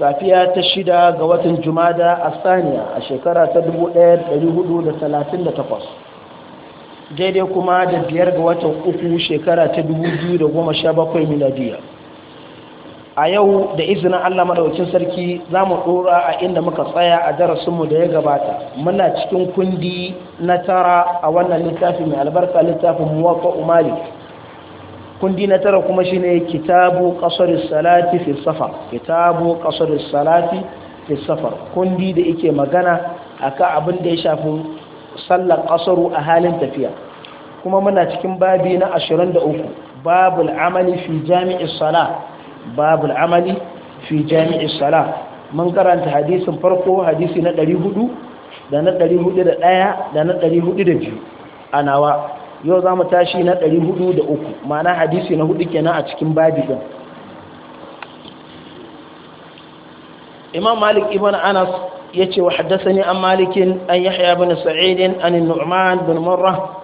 safiya ta shida ga watan jumada a saniya a shekara ta 1438 daidai kuma da biyar ga watan uku shekara ta 2017 miladiya a yau da izinin allah maɗaukin sarki za mu ɗora a inda muka tsaya a darasinmu da ya gabata muna cikin kundi na tara a wannan littafi mai albarka littafin muwaka umari kundi na tara kuma shine kitabu ƙasar salati fi safar kitabu ƙasar salati fi safar kundi da yake magana ka abin da ya shafi sallar ƙasaru a halin tafiya kuma muna cikin babi na 23 babul amali fi jami'is sala babul amali fi jami'is sala mun karanta hadisin farko hadisi na 400 da na 401 da na 402 nawa. yau za mu tashi na 403 ma'ana hadisi na hudu kenan a cikin babi din imam malik ibn anas ya ce wa haddasani an malikin an yahya bin sa'idin an nu'man bin marra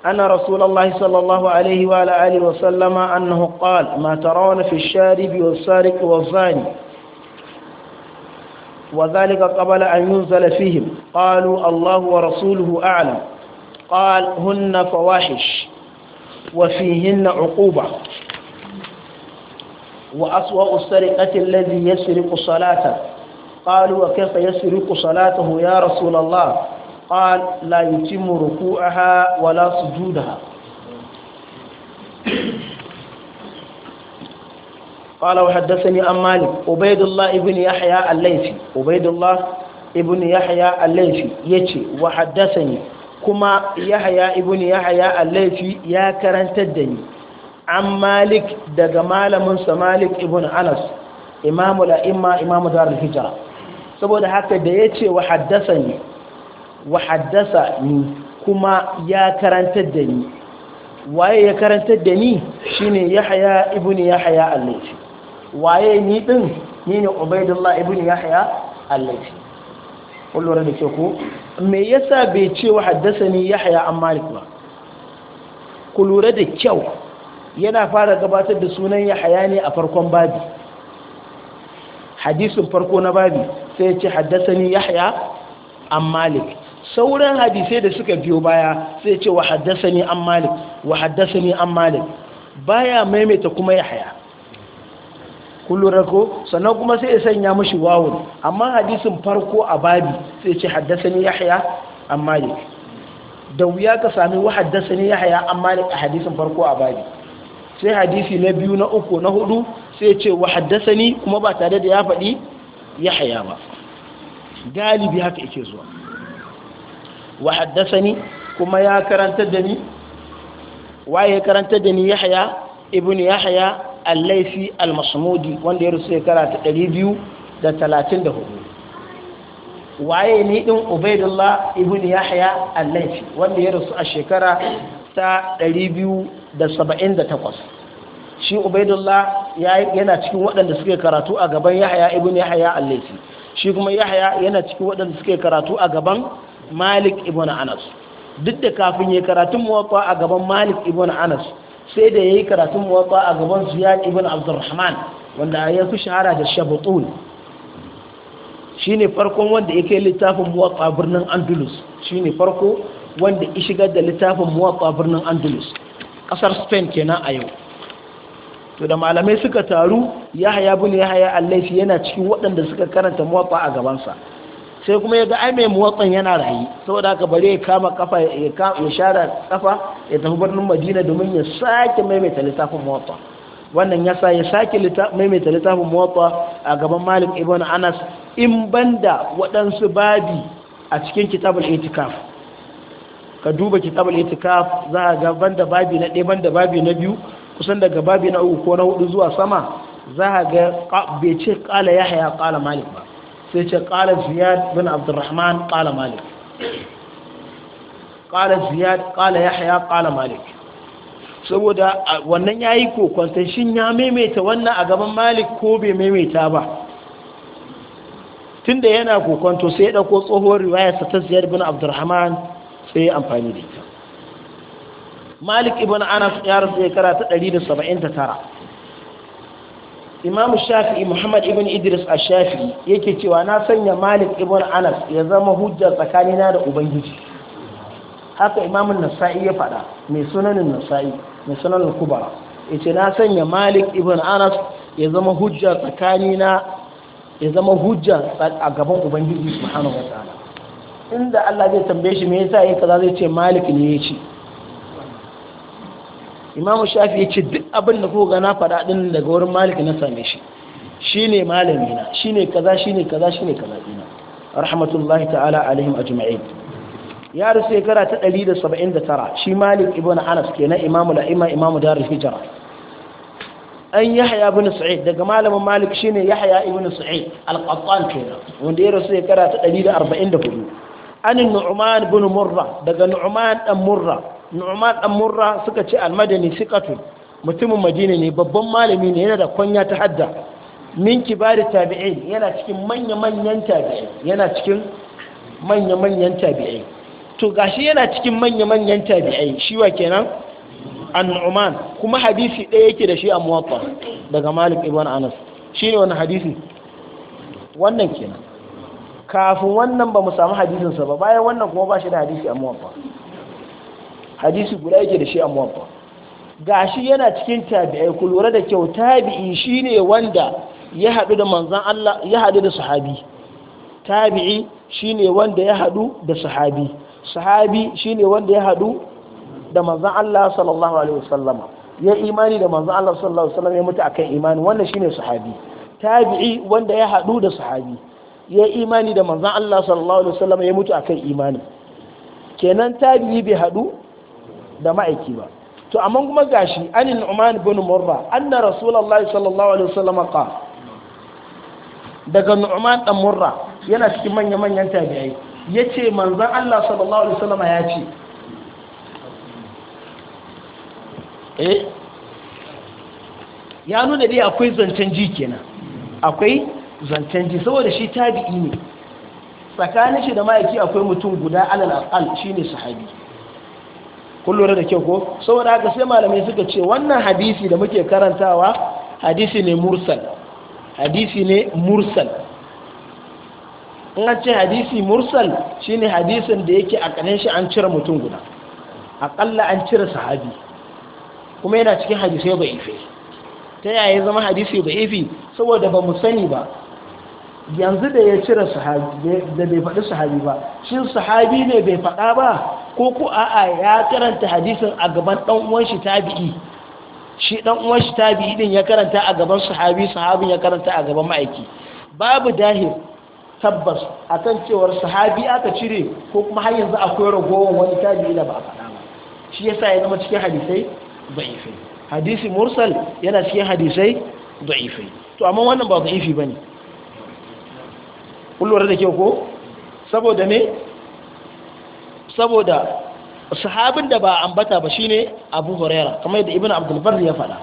أن رسول الله صلى الله عليه وعلى آله وسلم أنه قال ما ترون في الشارب والسارق والزاني وذلك قبل أن ينزل فيهم قالوا الله ورسوله أعلم قال هن فواحش وفيهن عقوبة وأسوأ السرقة الذي يسرق صلاته قالوا وكيف يسرق صلاته يا رسول الله قال لا يتم ركوعها ولا سجودها قال وحدثني عن مالك عبيد الله ابن يحيى الليثي عبيد الله ابن يحيى الليثي يتي وحدثني kuma yahaya ibn yahaya al-laifi ya karantar da ni an malik daga malamin malik ibn anas imamu la'imma imamu darul hijra saboda haka da yace wa ni wa haddasa ni kuma ya karantar da ni waye ya karantar da ni shine yahaya ibn yahaya al waye ni din ni ne ubaidullah ibn yahaya al kun da ke ko me yasa bai ce wa haddasa ya yahya an malik ba ku da kyau yana fara gabatar da sunan yahya ne a farkon babi hadisin farko na babi sai ya ce haddasa ya yahya an malik sauran hadisai da suka biyo baya sai ce wa haddasa an malik wa haddasa an malik baya maimaita kuma yahya kullu rako sannan kuma sai ya sanya mashi wawun amma hadisin farko a babi sai ce haddasani yahya an malik da wuya ka sami wa haddasani yahya an malik a hadisin farko a babi sai hadisi na biyu na uku na hudu sai ce wa ni kuma ba tare da ya faɗi yahya ba galibi haka yake zuwa wa ni kuma ya karanta da ni waye karanta da ni yahya ibnu yahya allaifi al-masmudi wanda ya rusu shekara ta 234 waye ni ɗin ubaidullah ibn yahya allaifi wanda ya rusu a shekara ta da 278 shi ubaidullah yana cikin waɗanda suke karatu a gaban yahya ibn yahya allaifi shi kuma yahya yana cikin waɗanda suke karatu a gaban malik ibn anas duk da kafin ya karatun muwatta a gaban malik ibn anas sai da ya yi karatun mawaƙa a gaban ziyad ibn abdurrahman wanda ya fi shahara da shabatul ne farkon wanda kai littafin mawaƙa birnin andalus ne farko wanda ya shigar da littafin mawaƙa birnin andalus Ƙasar spain kenan a yau to da malamai suka taru ya yahaya bin yahaya a laifi yana cikin waɗanda suka karanta mawaƙa a gabansa sai kuma ya ga ai mai muwatsan yana rayu saboda haka bare ya kama kafa ya share kafa ya tafi birnin madina domin ya sake maimaita littafin muwatsa wannan yasa ya sake maimaita littafin muwatsa a gaban malik ibn anas in banda waɗansu babi a cikin kitabul itikaf ka duba kitabul itikaf za a ga banda babi na ɗaya banda babi na biyu kusan daga babi na uku ko na hudu zuwa sama za a ga bai ce kala yahya kala malik ba sai ce ƙala ziyad bin abdurrahman ƙala malik ƙala ziyad ƙala yahya ƙala malik saboda wannan yayi kokonta shi ya maimaita wannan a gaban malik ko bai maimaita ba tunda yana kokonto sai ya dauko tsohon riwaya ta ziyar bin abdurrahman sai ya amfani da ita malik ibn anas ya rasu shekara ta 179 imamu shafi'i muhammad ibn idris a shafi'i yake cewa na sanya malik ibn anas ya zama hujja tsakanina da ubangiji haka imamun nasa'i ya fada mai sunanin nasa'i mai sunanin kuba ya ce na sanya malik ibn anas ya zama hujja tsakanina ya zama hujja a gaban ubangiji subhanahu wa ta'ala inda Allah zai tambaye shi me yasa yake kaza zai ce malik ne ya ce imamu shafi ya ce abin da kuka na faɗa ɗin daga wurin maliki na same shi shine malamina na shine kaza shine kaza shine kaza ina rahmatullahi ta'ala alaihim ajma'in ya rasu shekara ta 179 shi malik ibn anas kenan imamu la'ima imamu darul hijira an haya ibn sa'id daga malamin malik shine ya ibn sa'id al-qattan kenan wanda ya rasu shekara ta 144 an nu'uman ibn murra daga nu'uman dan murra dan murra suka ce al-madani sikatun mutumin madina ne babban malami ne yana da kwanya ta hadda min kibari tabi'in yana cikin manya-manyan tabi'in yana cikin manya-manyan tabi'in to gashi yana cikin manya-manyan tabi'in shi wa kenan annu'man kuma hadisi ɗaya yake da shi a muwaffa daga malik ibn anas shine wannan hadisi wannan kenan kafin wannan ba mu samu hadisinsa ba bayan wannan kuma ba shi da hadisi a muwaffa hadisi guda yake da shi a muwaffa gashi yana cikin tabi'ai ku lura da kyau tabi'i shine wanda ya haɗu da manzan Allah ya haɗu da sahabi tabi'i shine wanda ya haɗu da sahabi sahabi shine wanda ya haɗu da manzan Allah sallallahu alaihi wasallama ya imani da manzan Allah sallallahu alaihi wasallam ya mutu akan imani wannan shine sahabi tabi'i wanda ya haɗu da sahabi ya imani da manzan Allah sallallahu alaihi wasallam ya mutu akan imani kenan tabi'i bai haɗu da ma'aiki ba to amma kuma gashi an nu'man ibn murra anna rasulullahi sallallahu alaihi wasallam ka daga nu'man dan murra yana cikin manya manyan tabi'ai yace manzon Allah sallallahu alaihi wasallam ya ce eh ya nuna dai akwai zancen ji kenan akwai zancen ji saboda shi tabi'i ne tsakanin shi da ma'aiki akwai mutum guda alal aqal shine sahabi kun da kyau ko saboda haka sai malamai suka ce wannan hadisi da muke karantawa hadisi ne mursal hadisi ne mursal in an ce hadisi mursal shine hadisin da yake a kanin shi an cire mutum guda aƙalla an cire sahabi kuma yana cikin hadisai ba ife ta yaya zama hadisi ba ife saboda ba mu sani ba yanzu da ya cire sahabi da bai faɗi sahabi ba shin sahabi ne bai faɗa ba ko ko a'a ya karanta hadisin a gaban dan uwan shi tabi'i shi dan uwan shi tabi'i din ya karanta a gaban sahabi sahabin ya karanta a gaban ma'aiki babu dahir tabbas akan cewar sahabi aka cire ko kuma har yanzu akwai ragowar wani tabi'i da ba a faɗa ba shi yasa ya zama cikin hadisai da'ifai hadisi mursal yana cikin hadisai da'ifai to amma wannan ba da'ifi bane kullum da ke ko saboda me. saboda sahabin da ba ambata ba shine abu huraira kamar yadda ibn abdulbar ya faɗa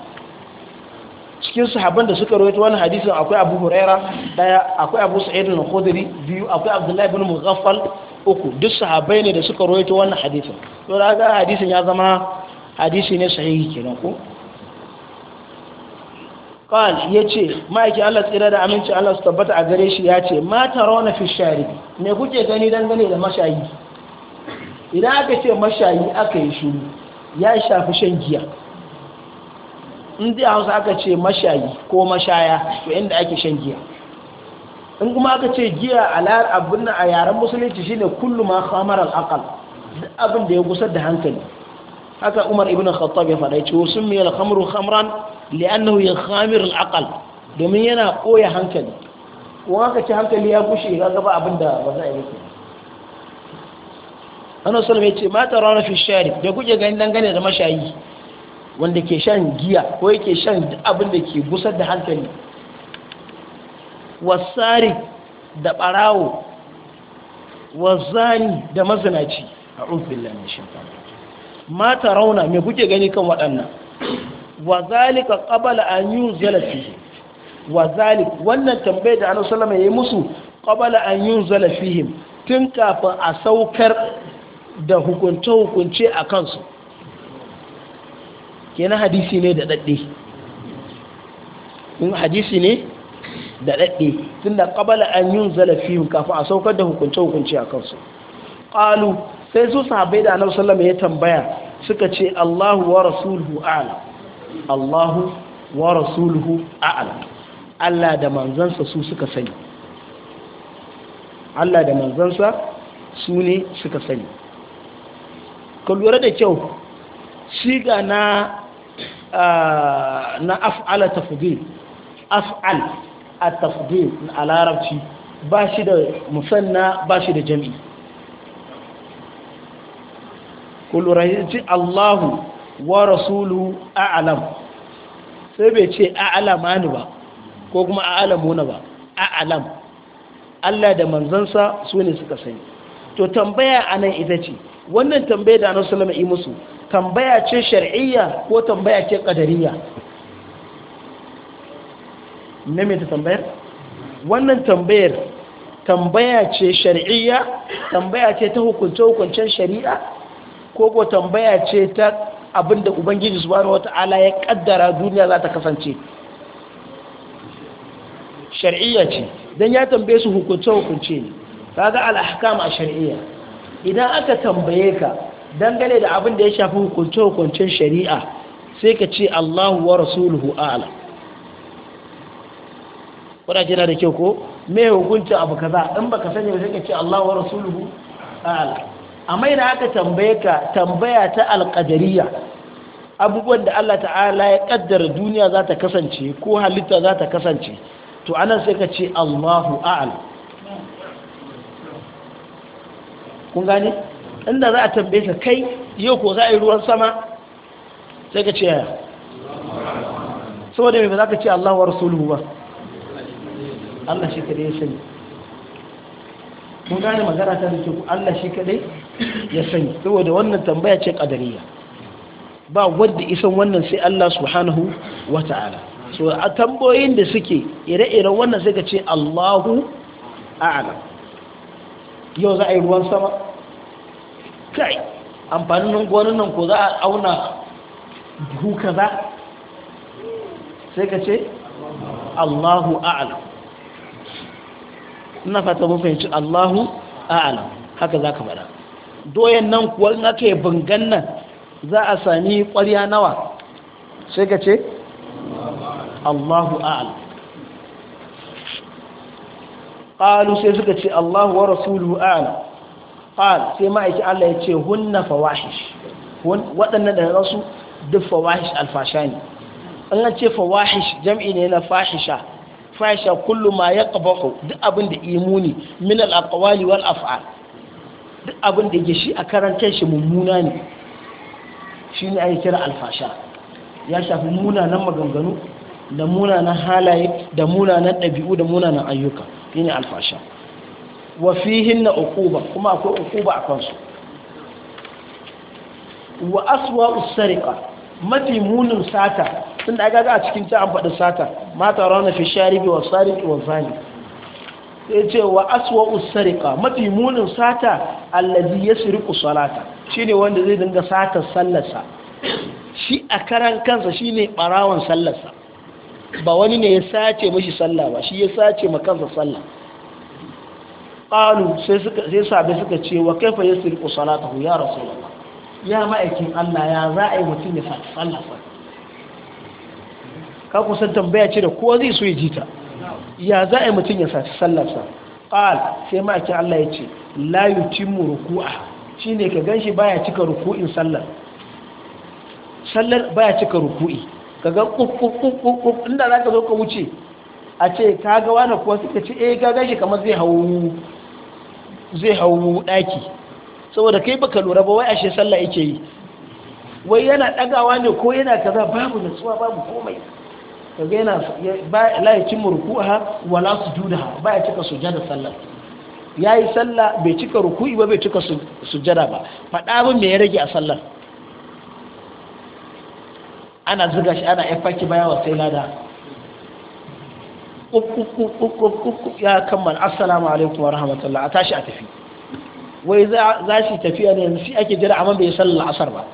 cikin sahabban da suka rawaito wani hadisin akwai abu huraira daya akwai abu sa'id al-khudri biyu akwai abdullahi ibn mughaffal uku duk sahabbai ne da suka rawaito wannan hadisin to da ga hadisin ya zama hadisi ne sahihi kenan ko kan yace ma'aiki Allah tsira da aminci Allah su tabbata a gare shi yace ma tarawna fi sharibi me kuke gani dangane da mashayi idan aka ce mashayi aka yi shuru ya shafi shan giya in dai hausa aka ce mashayi ko mashaya to inda ake shan giya in kuma aka ce giya a abin a yaren musulunci shine kullu ma khamar al'akal aqal abin da ya gusar da hankali haka Umar ibn Khattab ya faɗa ce sun mai khamru khamran li'annahu ya al al'akal domin yana koya hankali kuma aka ce hankali ya gushe ga gaba abin da ba za a yi annabi sallallahu alaihi wasallam ya ce mata rana fi shari da kuke gani dangane da mashayi wanda ke shan giya ko yake shan abin da ke gusar da hankali wasari da barawo wazani da mazinaci a umfillah ne shaitan mata rauna me kuke gani kan waɗannan wa zalika qabala an yunzala fi wa wannan tambayar da annabi sallallahu alaihi wasallam ya yi musu qabala an yunzala fihim tun kafin a saukar da hukunce-hukunce a kansu Ke na hadisi ne da daɗe in hadisi ne da daɗe tun da ƙabala an yi zalafi kafin a saukar da hukunce-hukunce a kansu ƙalu sai su sahabai da annabi sallama ya tambaya suka ce Allahu wa rasuluhu a'ala Allahu wa rasuluhu a'ala Allah da manzansa su suka sani Allah da manzansa su ne suka sani ka lura da kyau shiga na na af'ala tafdil af'al at-tafdil a larabci ba shi da musanna ba shi da jam'i ku lura Allahu wa rasulu a'lam sai bai ce a'lamani ba ko kuma a'lamuna ba a'lam Allah da manzansa su ne suka sani to tambaya a nan ita ce wannan tambaya da annabi sallama musu tambaya ce shari'iyya ko tambaya ce ƙadariya? me mai ta tambayar wannan tambayar tambaya ce shari'iyya tambaya ce ta hukunce hukuncen shari'a ko ko tambaya ce ta abinda ubangiji wata wata'ala ya kaddara duniya za ta kasance shari'iyya ce don ya tambaye su hukunce hukunce ne kaga al-ahkam ash-shar'iyya idan aka tambaye ka dangane da abin da ya shafi hukunce hukuncen shari'a sai ka ce Allahu wa rasuluhu a'lam kuna jira da kyau ko me hukunci abu kaza in baka sani ba sai ka ce Allahu wa rasuluhu a'lam amma idan aka tambaye ka tambaya ta al-qadariyya abubuwan da Allah ta'ala ya kaddara duniya za ta kasance ko halitta za ta kasance to anan sai ka ce Allahu a'lam kun gane inda za a tambaye ka kai yau ko za a yi ruwan sama sai ka ce ya. saboda mai ba za ka ce Allah wa rasuluhu ba Allah shi kadai ya sani kun gane magana ta da ke ku Allah shi kadai ya sani saboda wannan tambaya ce kadariya ba wadda isan wannan sai Allah subhanahu wa ta'ala so a tamboyin da suke ire-iren wannan sai ka ce Allahu a'lam yau za a yi ruwan sama kai amfanin gonin nan ko za a auna buhu kaza sai ka ce Allahu a'ala ina fata mun fahimci Allahu a'ala haka za ka faɗa doyen nan kuwa in aka bangan nan za a sami ƙwarya nawa sai ka ce Allahu a'ala qalu sai suka ce Allahu wa rasuluhu a'ala qal sai ma'aiki Allah ya ce hunna fawahish waɗannan da rasu duk fawahish alfasha ne an ce fawahish jam'i ne na fahisha fahisha kullu ma yaqbahu duk abin da imuni min al'aƙawali wal af'al duk abin da shi a karantar shi mummuna ne shine ai kira alfasha ya shafi munanan maganganu da munanan halaye da munanan ɗabi'u da munanan ayyuka ne alfasha wa fihin na ukuba kuma akwai ukuba a kansu wa aswa usarika mafi munin sata tun da ga a cikin ta an faɗi sata mata rauna fi sharibi wa sariki wa zani sai ce wa aswa usarika mafi munin sata allazi ya salata shine wanda zai dinga sata sallarsa shi a karan kansa shine barawan sallarsa ba wani ne ya sace mashi sallah ba shi ya sace ma kansa sallah qalu sai suka sai sabe suka ce wa kaifa yasriqu salatahu ya rasulullah ya ma'aikin Allah ya za a yi mutum ya saki sallah fa ka kusan tambaya ce da kowa zai so ya ji ta ya za a yi mutum ya saki sallah sa qal sai ma'aikin Allah ya ce la yutimmu ruku'a shine ka ganshi baya cika ruku'in sallar sallar baya cika ruku'i kaga kukukukuk inda za ka zo ka wuce a ce ka ga wani kuwa suka ce eh ka gashi kamar zai hau zai hau ɗaki saboda kai baka lura ba wai ashe sallah yake yi wai yana ɗagawa ne ko yana kaza babu nutsuwa babu komai kaga yana ba la yatimmu ruku'aha wala sujudaha ba ya cika sujada sallah yayi sallah bai cika ruku'i ba bai cika sujada ba fada bin me ya rage a sallar ana zuga shi ana yafaki baya wa sai lada ya kammala assalamu alaikum wa rahmatullah a tashi a tafi wai za shi tafiya ne yanzu shi ake jira amma bai san la'asar ba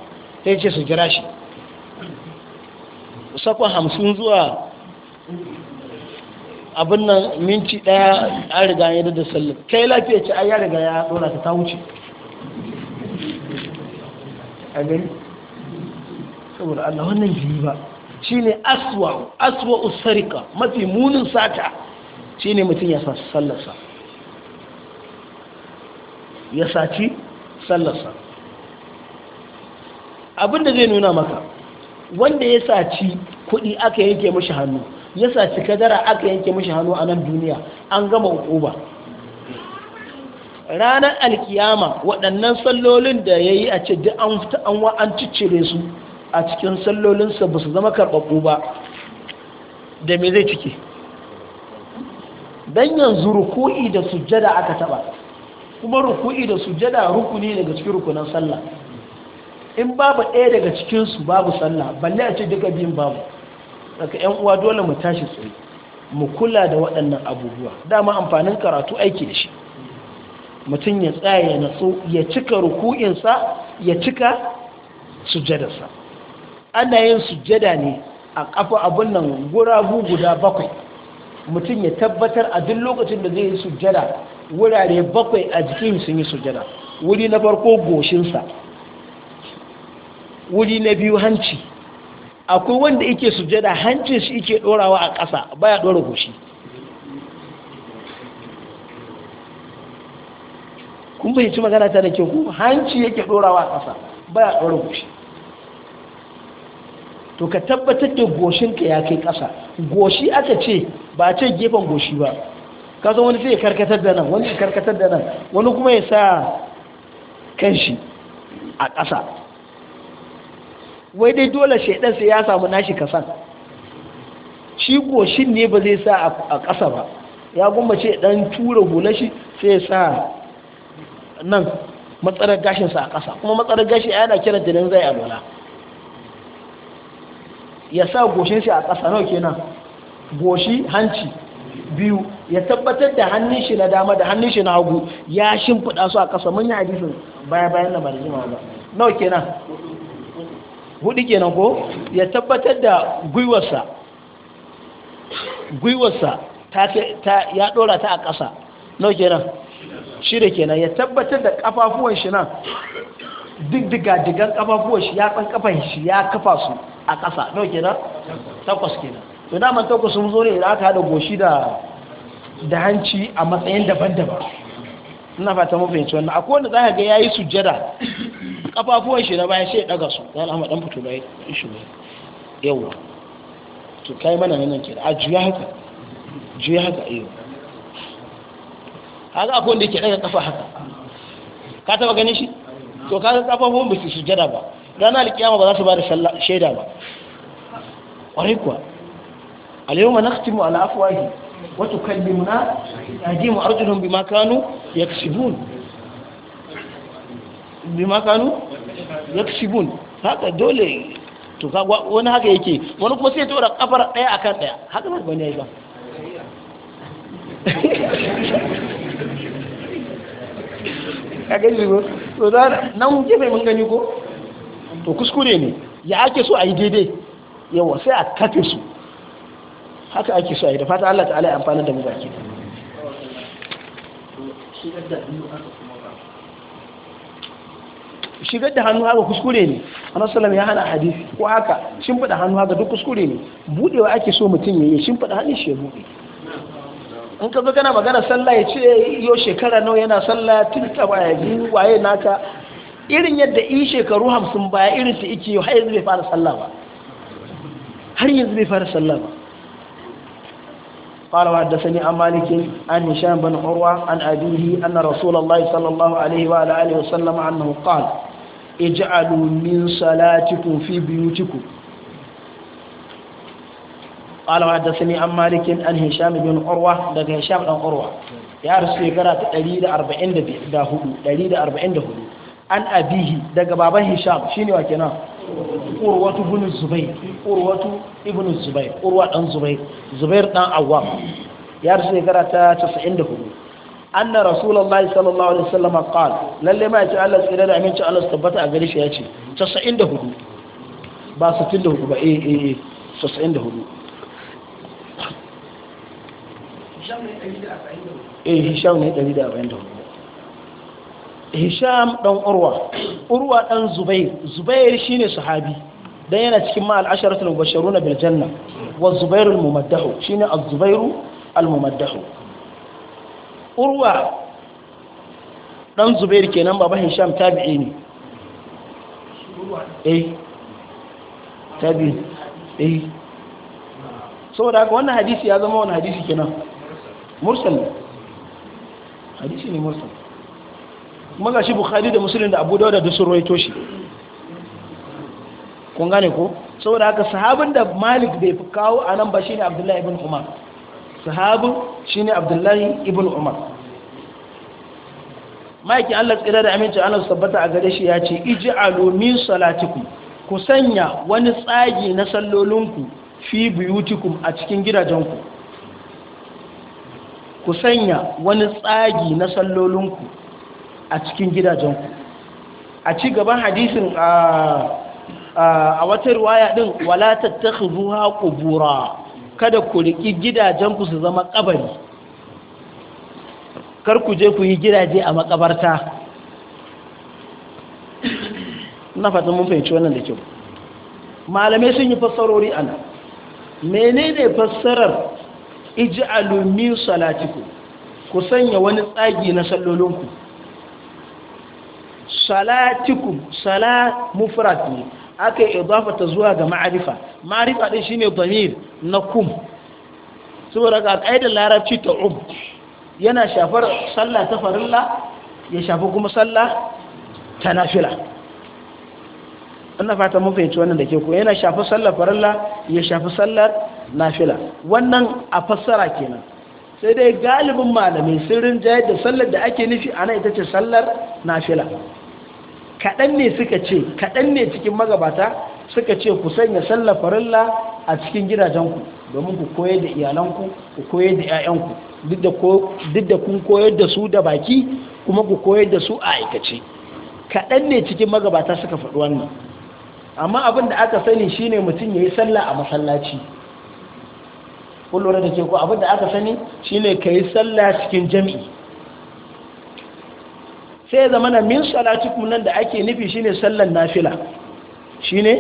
Ta yi ce su jira shi sakon hamsin zuwa abin nan minti daya an riga ya da sallar kai lafiya ce ai ya riga ya dora ta wuce a gani saboda Allah wannan biyu ba shine aswa aswa usarika mafi munin sata shine mutum ya saci sallarsa ya sace sallarsa abinda zai nuna maka wanda ya saci kudi aka yanke mashi hannu ya saci kadara aka yanke mashi hannu a nan duniya an gama uba ranar alkiyama waɗannan sallolin da ya yi a ce duk an an ciccire su a cikin sallolinsa ba su zama karɓaɓɓu ba da me zai ciki don yanzu ruku'i da sujada aka taɓa kuma ruku'i da sujada rukuni daga cikin rukunan sallah in babu ɗaya daga cikinsu babu sallah balle a ce duka biyun babu daga ‘yan uwa dole mu tashi tsaye mu kula da waɗannan abubuwa dama amfanin karatu aiki da shi mutum ya tsaya ya natsu ya cika ruku'insa ya cika sujjadarsa ana yin sujjada ne a kafa abun nan guragu guda bakwai mutum ya tabbatar a duk lokacin da zai yi sujjada wurare bakwai a jikin sun yi sujjada wuri na farko goshinsa wuri na biyu hanci akwai wanda yake sujjada hancin shi yake dorawa a ƙasa baya dora goshi kun ci magana ta da ke ku hanci yake dorawa a ƙasa baya dora goshi to ka tabbatar da goshinka ya kai ƙasa goshi aka ce ba ce gefen goshi ba ka zo wani sai karkatar da nan wani karkatar da nan wani kuma ya sa kanshi a ƙasa wai dai dole shaidan sai ya samu nashi kasan shi goshin ne ba zai sa a ƙasa ba ya gumma ce dan tura hula shi sai ya sa nan matsalar gashinsa a ƙasa kuma matsalar gashi yana kiranta nan zai alwala ya sa goshin shi a ƙasa nawa kenan goshi hanci biyu ya tabbatar da hannun shi na dama da hannun shi na hagu ya shimfiɗa su a ƙasa mun yi hadisin baya bayan na bari jima ba nawa kenan hudu kenan ko ya tabbatar da gwiwarsa gwiwarsa ta ya ɗora ta a ƙasa nawa kenan shida kenan ya tabbatar da ƙafafuwan shi nan duk diga-digan kafafuwa shi ya san kafan shi ya kafa su a ƙasa ke kenan takwas kenan to man takwas sun zo ne da aka haɗa goshi da da hanci a matsayin daban-daban ina fata mu fahimci wannan akwai wanda zaka ga yayi sujjada kafafuwan shi na bayan sai ya daga su dan amma dan fito bai shi ne yawa to kai mana nan ke a juya haka juya haka iyo haka akwai wanda yake daga kafa haka ka taba ganin shi to kaga kafafun ba su sujada ba ranar alkiyama ba za su ba da shaida ba kwarai kuwa alyawma nakhtimu ala afwahi wa tukallimuna bi arjuluhum bima kanu bi makanu kanu yaksibun haka dole to kaga wani haka yake wani kuma sai tora kafar daya akan daya haka ba bane yayi ba kaga shi to da nan gefe mun gani ko to kuskure ne ya ake so a yi daidai yawa sai a kafe su haka ake so a yi da fata Allah ta'ala ya amfani da mu baki shigar da hannu haka kuskure ne annabi sallallahu ya hana hadisi ko haka shimfada hannu haka duk kuskure ne budewa ake so mutum ya yi shimfida hannu shi ya bude in ka zo kana magana sallah ya ce yau shekara nawa yana sallah tun ta baya biyu waye naka irin yadda i shekaru hamsin baya irin ta ike har yanzu bai fara sallah ba har yanzu bai fara sallah ba قال وحدثني عن مالك عن هشام بن عروة عن أبيه أن رسول الله صلى الله عليه وعلى آله وسلم أنه قال اجعلوا من صلاتكم في بيوتكم قال وحدثني عن مالك عن هشام بن عروة ده هشام بن عروة يا رسول الله تقريد أربعين ده هدو تقريد أربعين ده هدو عن أبيه ده بابا هشام شنو وكنا عروة بن الزبير عروة ابن الزبير عروة عن زبير زبير عن عوام يا رسول الله تسعين ده هدو أن رسول الله صلى الله عليه وسلم قال للي ما يتعلق الله سيدنا الأمين تعالى استبتع قريش يا شيء تسعين ده هدو ba 64 ba eh eh 94 eh hisham ne 144 hisham dan urwa urwa dan zubair zubair shine sahabi dan yana cikin ma al-asharatul runa bil janna wa zubair al-mumaddahu shine az-zubair al-mumaddahu urwa dan zubair kenan baba hisham tabi'i ne eh tabi'i eh saboda haka wannan hadisi ya zama wani hadisi kenan mursal hadisi ne mursal kuma ga shi bukhari da musulun da abu dauda da sun roito shi kun gane ko saboda haka sahabin da malik bai fi kawo a nan ba shi ne abdullahi ibn umar sahabin shi ne abdullahi ibn umar ma'aikin allah tsira da aminci ana sabbata a gare shi ya ce iji alomin salatiku ku sanya wani tsagi na sallolinku fi buyutikum a cikin gidajenku ku sanya wani tsagi na sallolinku a cikin gidajenku a ci gaban hadisin a wata ruwaya din wala zuwa ƙubura kada ku riƙi gidajenku su zama ƙabari kar ku je ku yi gidaje a makabarta na fatan mun fahimci wannan da kyau malamai sun yi fassarori ana menene fassarar ij'alu min salatiku ku sanya wani tsagi na sallolinku Salatiku sala mufrad ne aka idafa ta zuwa ga ma'arifa ma'arifa din shine damir na kum saboda ga kaidar larabci ta um yana shafar sallah ta farilla ya shafi kuma sallah ta nafila ina fata mun fahimci wannan da ke ko yana shafi sallar farilla ya shafi sallar nafila wannan a fassara kenan sai dai galibin malamai sun rinjaye da sallar da ake nufi ana ita ce sallar nafila kaɗan ne suka ce kaɗan ne cikin magabata suka ce ku sanya sallar farilla a cikin gidajenku domin ku koyar da iyalanku ku koyar da 'ya'yanku duk da kun koyar da su da baki kuma ku koyar da su a aikace kaɗan ne cikin magabata suka faɗi wannan amma abin da aka sani shine mutum ya yi sallah a masallaci kun lura da ke ko abin da aka sani shine ka yi sallah cikin jami'i sai zama na min salatikum nan da ake nufi shine sallan nafila shine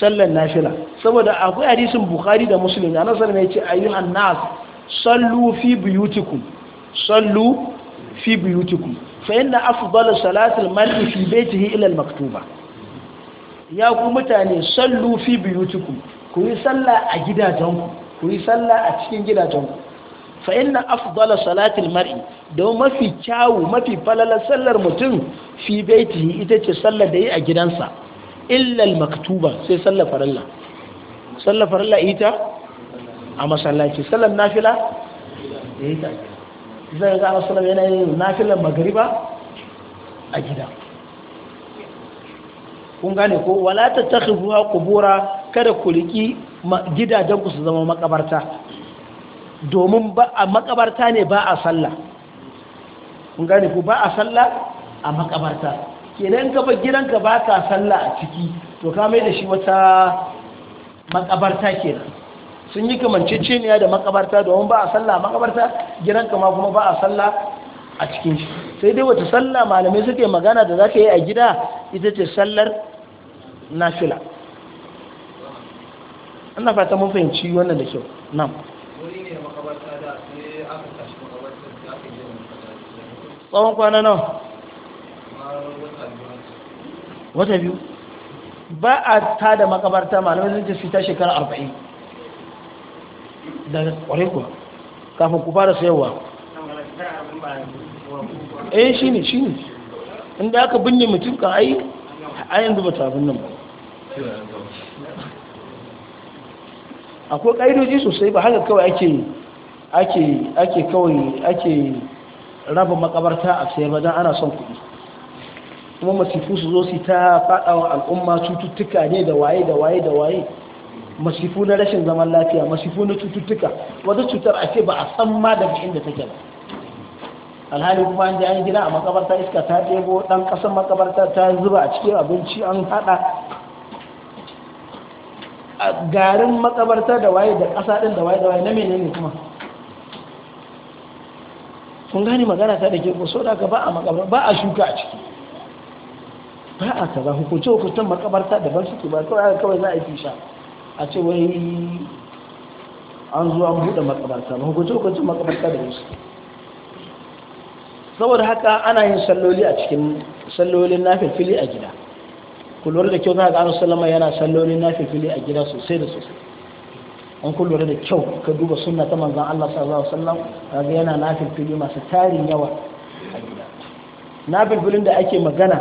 sallan nafila saboda akwai hadisin bukhari da muslim ya nasar mai ce ayyuhan nas sallu fi buyutikum sallu fi buyutikum fa inna afdal salatil mar'i fi baytihi ila al maktuba ya ku mutane sallu fi buyutikum ku yi sallah a gidajenku ku yi sallah a cikin gidajen ku fa inna afdala salatil mar'i don mafi kyawu mafi falalar sallar mutum fi baiti ita ce sallar da yi a gidansa illal maktuba sai sallar faralla sallar faralla ita a masallaci sallar nafila da ita zai ga sallar yana yin nafilar magariba a gida kun gane ko wala tattakhidhuha qubura kada ku riki gidajenku su zama makabarta domin a makabarta ne ba a sallah kun gane ku ba a sallah a makabarta kenan ka bar gidanka ba ka sallah a ciki to ka mai da shi wata makabarta kenan sun yi ne da makabarta domin ba a sallah a makabarta gidanka ma kuma ba a sallah a cikin shi sai dai wata sallah malamai suke magana da za ka yi a gida ita ce sallar nafila ina fata mun fahimci wannan da kyau nan tsawon kwana nawa wata biyu ba a ta da makabarta malamai sun ce fita shekara arba'in da kwarai kuwa kafin ku fara sayarwa eh shi ne shi ne inda aka binne mutum kan ayi a yanzu ba ta binne ba akwai ƙa'idoji sosai ba haka kawai ake ake kawai ake raba makabarta a sayar ba don ana son kuɗi kuma masifu su zo su ta faɗawa al'umma cututtuka ne da waye da waye da waye masifu na rashin zaman lafiya masifu na cututtuka wata cutar ake ba a san ma daga inda take ba alhali kuma an ji an gina a makabarta iska ta ɗebo ɗan ƙasan makabarta ta zuba a cikin abinci an haɗa a garin makabarta da waye da ƙasa ɗin da waye da waye na ne kuma kun gani magana ta da ke ko da ka ba a makabarta ba a shuka a ciki ba a kaza hukunci hukuncen makabarta ban suke ba kawai kawai za a yi fisha a ce wai an zuwa buɗe makabarta ba hukunci hukuncen makabarta da suke saboda haka ana yin salloli a cikin sallolin nafilfili a gida ku lura da kyau za ga annabi sallama yana sallolin fili a gida sosai da sosai an ku lura da kyau ka duba sunna ta manzan Allah sallallahu alaihi wasallam kaga yana nafilfili masu tarin yawa a gida nafilfilin da ake magana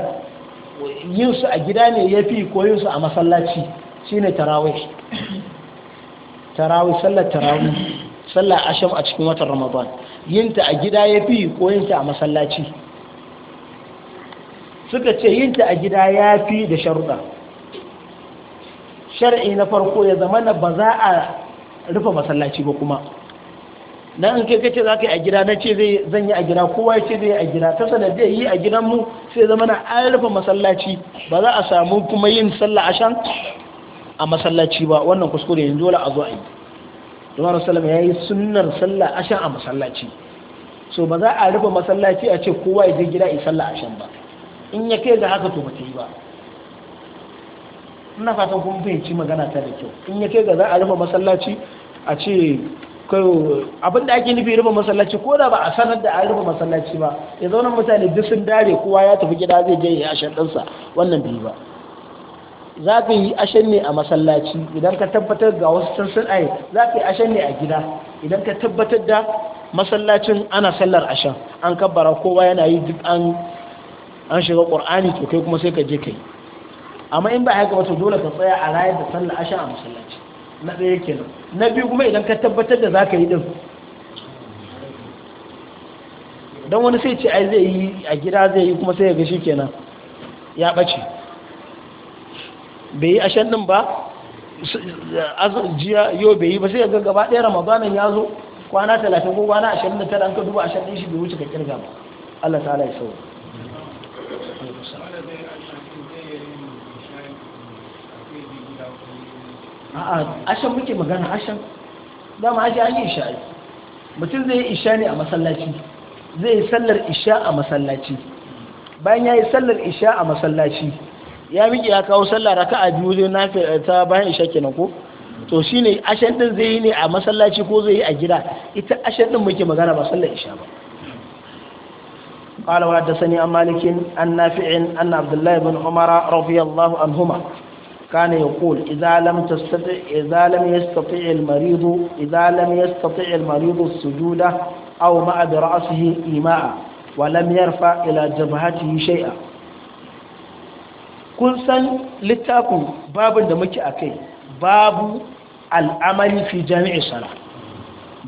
yin su a gida ne yafi ko yin su a masallaci shine tarawih tarawih sallar tarawih sallar asham a cikin watan ramadan yin ta a gida yafi ko yin ta a masallaci suka ce yin ta a gida ya fi da sharuɗa shar'i na farko ya zama na ba za a rufe masallaci ba kuma na in kai kace za ka yi a gida na ce zai zan yi a gida kowa ce zai yi a gida ta zai yi a gidan mu sai zama na an rufe masallaci ba za a samu kuma yin sallah shan a masallaci ba wannan kuskure yanzu wala a zo a yi Umar sallam ya yi sunnar sallah shan a masallaci so ba za a rufe masallaci a ce kowa ya je gida yi sallah shan ba in ya kai ga haka to mace yi ba ina fatan kun fahimci magana ta da kyau in ya kai ga za a rufe masallaci a ce abin da ake nufi rufe masallaci ko da ba a sanar da a rufe masallaci ba ya zauna mutane duk sun dare kowa ya tafi gida zai je ya ashen ɗansa wannan bai ba za ka yi ashen ne a masallaci idan ka tabbatar ga wasu can sun aye za ka yi ashen ne a gida idan ka tabbatar da masallacin ana sallar ashen an kabbara kowa yana yi duk an an shiga ƙur'ani to kai kuma sai ka je kai amma in ba haka wato dole ka tsaya a rayar da sallah asha a masallaci na ɗaya kenan na biyu kuma idan ka tabbatar da za ka yi din don wani sai ce ai zai yi a gida zai yi kuma sai ya ga shi kenan ya ɓace bai yi ashen ɗin ba jiya yau bai yi ba sai ya ga gaba ɗaya ramadanin ya zo kwana talatin ko kwana ashirin da tara an ka duba ashirin shi bai wuce ka kirga ba Allah ta'ala ya sauwa a'a ashan muke magana ashan dama aji an yi isha'i mutum zai yi isha ne a masallaci zai yi sallar isha a masallaci bayan ya yi sallar isha a masallaci ya miƙe ya kawo sallar raka a biyu zai nafi eh, ta bayan isha kenan ko to shi ne ashen ɗin zai yi ne a masallaci ko zai yi a gida ita ashen ɗin muke magana ba sallar isha ba قال وحدثني عن مالك عن نافع أن عبد الله بن عمر رضي الله عنهما كان يقول إذا لم تستطع إذا لم يستطيع المريض إذا لم يستطيع المريض السجود أو مع برأسه إيماء ولم يرفع إلى جبهته شيئا kun san littafin babin da muke a kai babu al'amali fi jami'i sala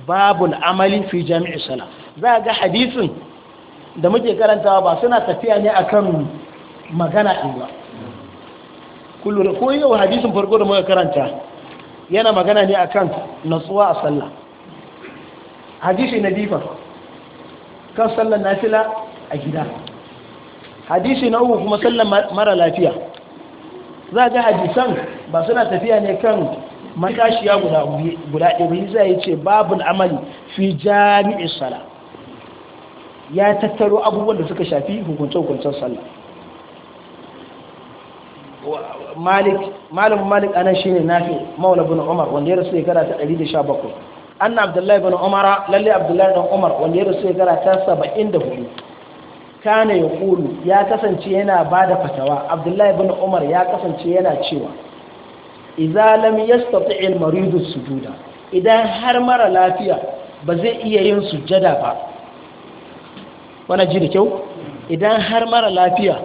babu al'amali fi jami'i sala za ga hadisin da muke karantawa ba suna tafiya ne akan magana ɗin ba na ko yau hadisin farko da muka karanta yana magana ne akan natsuwa a sallah hadisi na bifa kan sallar nafila a gida hadisi na uku kuma sallar mara lafiya za ga hadisan ba suna tafiya ne kan matashiya guda ɗari zai ce babu amali fi jami'in sala ya tattaro abubuwan da suka shafi hukunce hukuncin sallah malik malam malik shi ne nafi maula bin umar wanda ya rasu gara ta 117 anna abdullahi bin umara lalle abdullahi bin umar wanda ya rasu gara ta 74 kana yaqulu ya kasance yana bada fatawa abdullahi bin umar ya kasance yana cewa idza lam yastati' al-marid su sujuda idan har mara lafiya ba zai iya yin sujjada ba wana ji da kyau idan har mara lafiya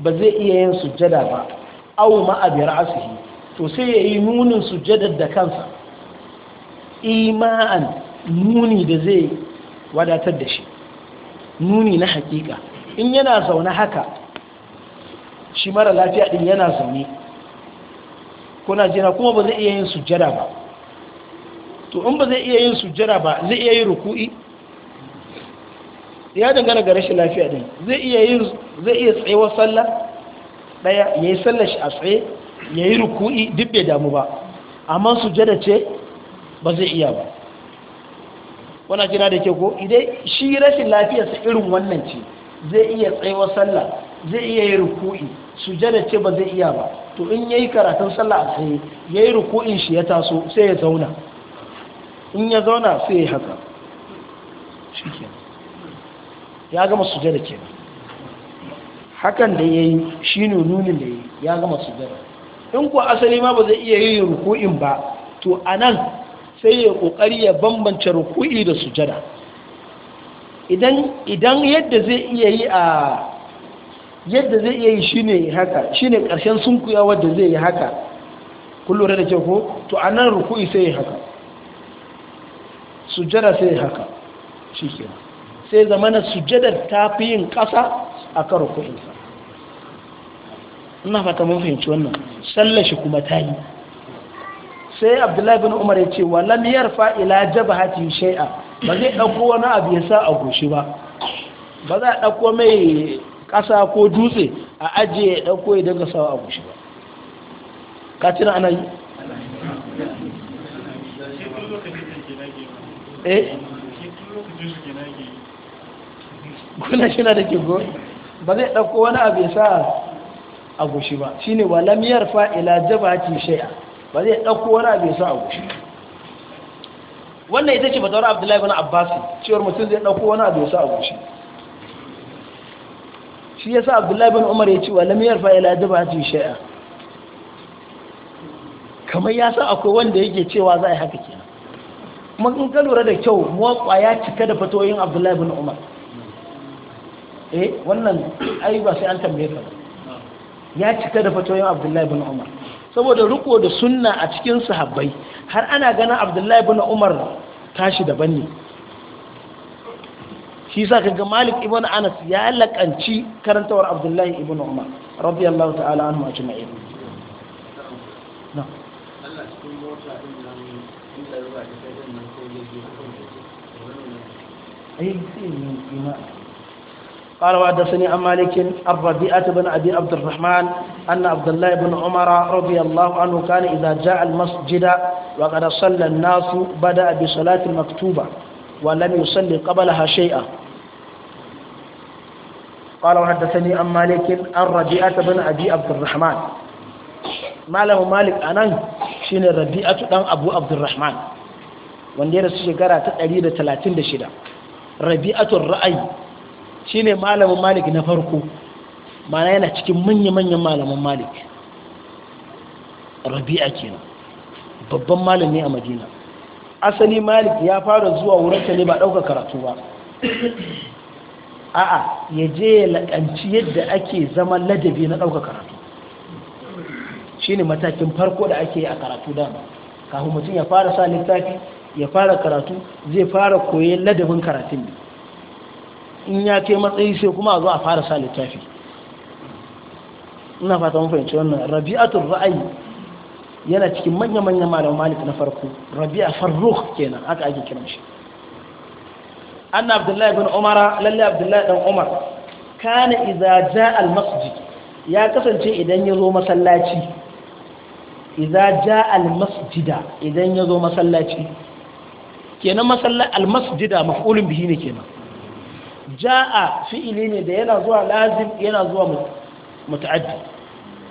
ba zai iya yin sujjada ba au ma abi ra'sihi to sai yi nunin sujjadar da kansa ima'an nuni da zai wadatar da shi nuni na hakika in yana zaune haka shi mara lafiya din yana zaune kuna jira kuma ba zai iya yin sujjada ba to in ba zai iya yin sujjada ba zai iya yin ruku'i ya dangana ga rashin lafiya din zai iya yin zai iya tsayawar sallah daya yayi sallar shi a tsaye ya yi ruku'i duk bai damu ba amma sujada ce ba zai iya ba wana jina da ke ko idan shi rashin lafiyarsa irin wannan ce zai iya tsayuwar sallah zai iya yi ruku'i sujada ce ba zai iya ba to in ya yi karatun sallah a tsaye ya yi ruku'in shi ya taso sai ya zauna in ya zauna sai ya haka ya gama sujada kenan hakan da ya yi shi ne nunin da ya yi ya gama su dara in kuwa asali ma ba zai iya yi ruku'in ba to a nan sai ya ƙoƙari ya bambance ruku'i da sujada idan yadda zai iya yi a yadda zai iya yi shine haka shine ƙarshen kuya wadda zai yi haka kullum da ke ko to a nan ruku'i sai yi haka sujada sai yi haka shi sai zama na sujadar ta fi yin ƙasa a karo rukuninsa ina fata mun fahimci wannan sallar shi kuma ta yi sai abdullahi bin umar ya ce walam fa’ila jaba jabhati shai'a? ba zai ɗauko wani abu ya sa a goshi ba ba za a ɗauko mai ƙasa ko dutse a ajiye ya ɗauko ya dinga sawa a goshi ba ka tuna ana yi eh kuna shi na da ke goyi ba zai ɗauko wani abu ya sa a gushi ba shi ne walamiyar fa'ila jabati shaya ba zai ɗauko wani abu ya sa a gushi wannan ita ce fatawar abdullahi bin abbas cewar mutum zai ɗauko wani abu ya sa a gushi shi ya sa abdullahi bin umar ya ce walamiyar fa'ila jabati shaya kamar ya sa akwai wanda yake cewa za a yi haka kenan kuma in ka lura da kyau muwaƙwa ya cika da fatoyin abdullahi bin umar eh wannan ai ba sai an tambaye ka ya cika da fatoyin abdullahi bin umar saboda riko da sunna a cikin sahabbai har ana ganin abdullahi bin umar tashi daban ne shi sa kaga malik ibn anas ya lakanci karantawar abdullahi ibn umar radiyallahu ta'ala anhu ajma'in na Allah cikin mota din nan inda ruwa ta kai nan ko yaji ko ne eh, sai ni ima قال وحدثني عن مالك الربيعة بن أبي عبد الرحمن أن عبد الله بن عمر رضي الله عنه كان إذا جاء المسجد وقد صلى الناس بدأ بصلاة المكتوبة ولم يصلي قبلها شيئا قال وحدثني عن مالك الربيعة بن أبي عبد الرحمن ما له مالك أنا شين الربيعة بن أبو عبد الرحمن وندير الشجرة تقريبا 36 ربيعة الرأي ne malamin malik na farko mana yana cikin manya-manyan malamin malik rabi'a kenan babban malami a madina asali malik ya fara zuwa wurinta ne ba ɗaukar karatu ba a'a ya je ya laƙanci yadda ake zama ladabi na ɗaukar karatu shi ne matakin farko da ake yi a karatu dama kafin mutum ya fara sa littafi ya fara karatu zai fara koyon ladabin karatun ne in ya ce matsayi sai kuma a zo a fara sa littafi ina fata mun fahimci wannan rabi'atul ra'ayi yana cikin manya manyan malamin malik na farko rabi'a farrukh kenan haka ake kiran shi anna abdullahi ibn umar lalle abdullahi dan umar kana idza jaa al masjid ya kasance idan ya zo masallaci idza jaa al masjida idan ya zo masallaci kenan masallal al masjida maf'ulun bihi ne kenan ja'a fi'ili ne da yana zuwa lazim yana zuwa muta'addi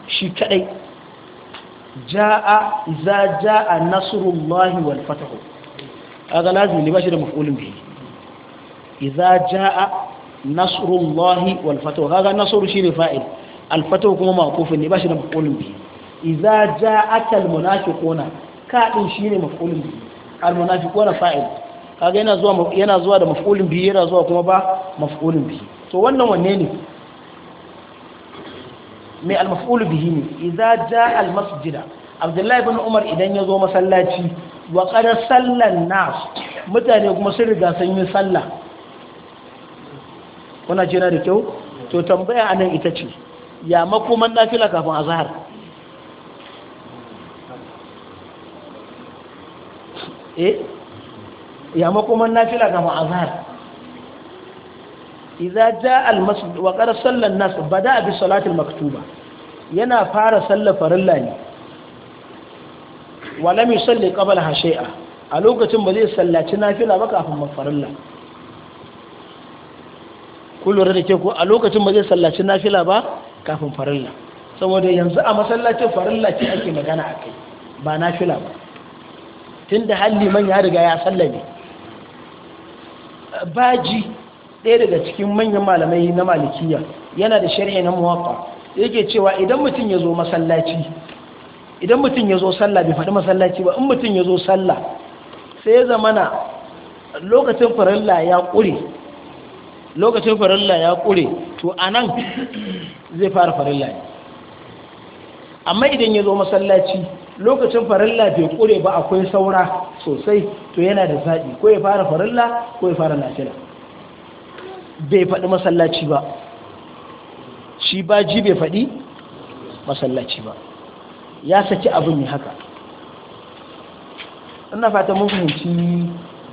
shi kadai ja'a za ja'a nasrullahi wal fatahu kaga lazim ne bashi da maf'ulun bihi idza ja'a nasrullahi wal fatahu kaga nasru shine fa'il al fatahu kuma maqufin ne bashi da maf'ulun bihi idza ja'aka al munafiquna ka din shine maf'ulun bihi al munafiquna fa'il kaga yana zuwa yana zuwa da maf'ulin bihi yana zuwa kuma ba maf'ulin bihi to wannan wanne ne mai al-maf'ul bihi ne idza ja al-masjida abdullahi ibn umar idan ya zo masallaci wa qad sallan nas mutane kuma sun riga sun yi sallah kuna jira da kyau to tambaya anan ita ce ya makoman nafila kafin azhar eh ya makoman nafila ga ma'azhar idza jaa al-masjid wa qara an nas bada bi al maktuba yana fara sallar farilla ne wa lam yusalli qablaha shay'a a lokacin ba zai sallaci nafila ba kafin farilla kullu da ke ko a lokacin ba zai sallaci nafila ba kafin farilla saboda yanzu a masallacin farilla ce ake magana akai ba nafila ba tunda halli man ya riga ya sallame baji ɗaya daga cikin manyan malamai na malikiya yana da shari'a na muwaƙa yake cewa idan mutum ya zo masallaci idan mutum ya zo sallah bai faɗi masallaci ba in mutum ya zo sallah sai ya zamana lokacin farilla ya ƙure lokacin farilla ya ƙure to a nan zai fara farilla amma idan ya zo masallaci lokacin farilla bai kure ba akwai saura sosai to yana da zaɓi ko ya fara farilla ko ya fara nafila bai faɗi masallaci ba shi ba ji bai faɗi masallaci ba ya saki abin ne haka ina fata mun fahimci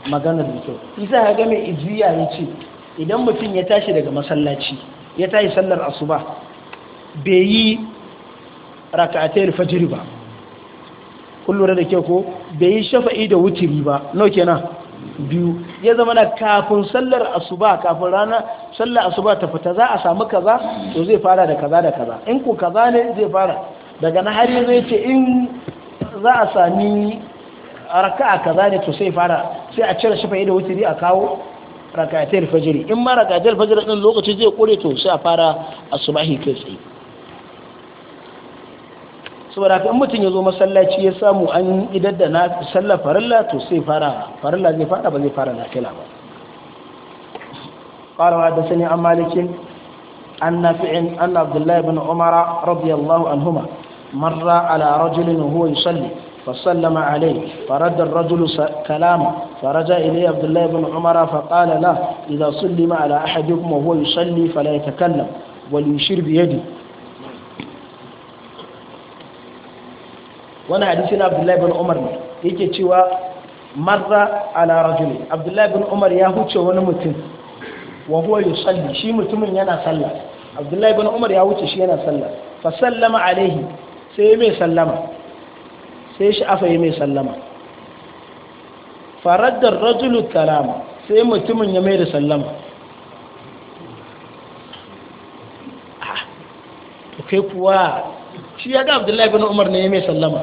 maganar da kyau isa ga game ijiya ya ce idan mutum ya tashi daga masallaci ya tashi sallar asuba bai yi raka'atai fajiri ba kun lura da ke ko bai yi shafa'i da wutiri ba nau kenan biyu ya zama na kafin sallar asuba kafin rana sallar asuba ta fita za a samu kaza to zai fara da kaza da kaza in ko kaza ne zai fara daga na har zai ce in za a sami raka'a kaza ne to sai fara sai a cire shafa'i da wutiri a kawo rakatar fajiri in ma rakatar fajiri din lokaci zai kore to sai a fara asubahi kai tsaye saboda in mutum ya zo masallaci ya samu an idar da na sallar farilla to sai fara farilla zai fara ba zai fara nafila ba qala da sani an malikin an nafi'in an abdullahi bin umara radiyallahu anhuma marra ala rajulin huwa yusalli فسلم عليه فرد الرجل كلامه فرجع إليه عبد الله بن عمر فقال له إذا سلم على أحدكم وهو يصلي فلا يتكلم وليشير بيده wannan hadisi na abdullahi bin umar ne yake cewa marra ala rajuli abdullahi bin umar ya huce wani mutum wa huwa salli, shi mutumin yana sallah abdullahi bin umar ya huce shi yana sallah fa sallama alaihi sai mai sallama sai shi afa mai sallama faraddar rajulu kalama sai mutumin ya mai da sallama ah, kai kuwa shi ya ga abdullahi bin umar ne ya mai sallama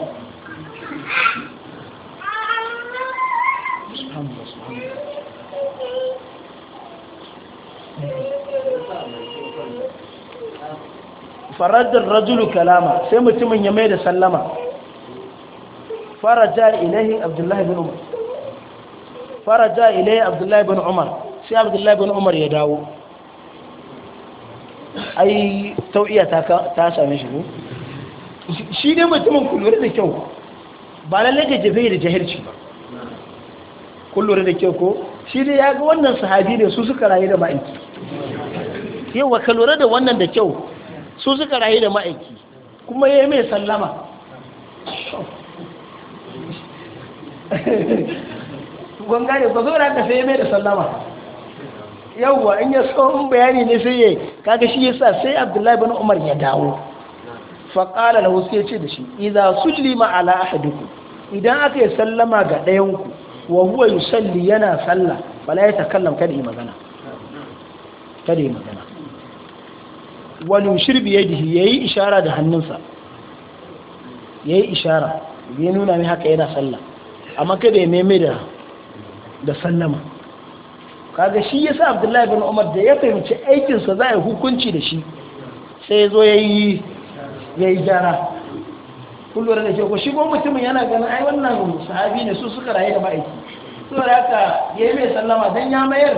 faradar rajulu kalama sai mutumin ya mai da sallama faraja ilahi abdullahi bin umar faraja ilahi abdullahi bin umar sai abdullahi bin umar ya dawo ai tau'iya ta same shi ne shi ne mutumin ku da kyau ba lalle da jabe da jahilci ba kullure da kyau ko shi ne ya ga wannan sahabi ne su suka rayu da ma'aiki yau ka lura da wannan da kyau su suka rayu da ma'aiki kuma ya yi mai sallama gwangare ba zo ka sai ya mai da sallama yawa in ya tsohon bayani ne sai ya kaga shi yasa sai abdullahi bin umar ya dawo faƙala na wasu ce da shi idan idza ma'ala ala ahadikum idan aka yi sallama ga ɗayanku wa huwa salli yana sallah bala ya kallon kada yi magana kada yi magana wani yushir ya yi yi ishara da hannunsa ya yi ishara ya nuna mai haka yana sallah amma kada ya meme da da sallama kaga shi ya sa Abdullahi bin Umar da ya fahimci aikinsa za a yi hukunci da shi sai zo ya yi ya yi gyara kullum da ke ko shigo mutumin yana ganin ai wannan sahabi ne su suka rayu da ma'aiki su da haka ya yi mai sallama don ya mayar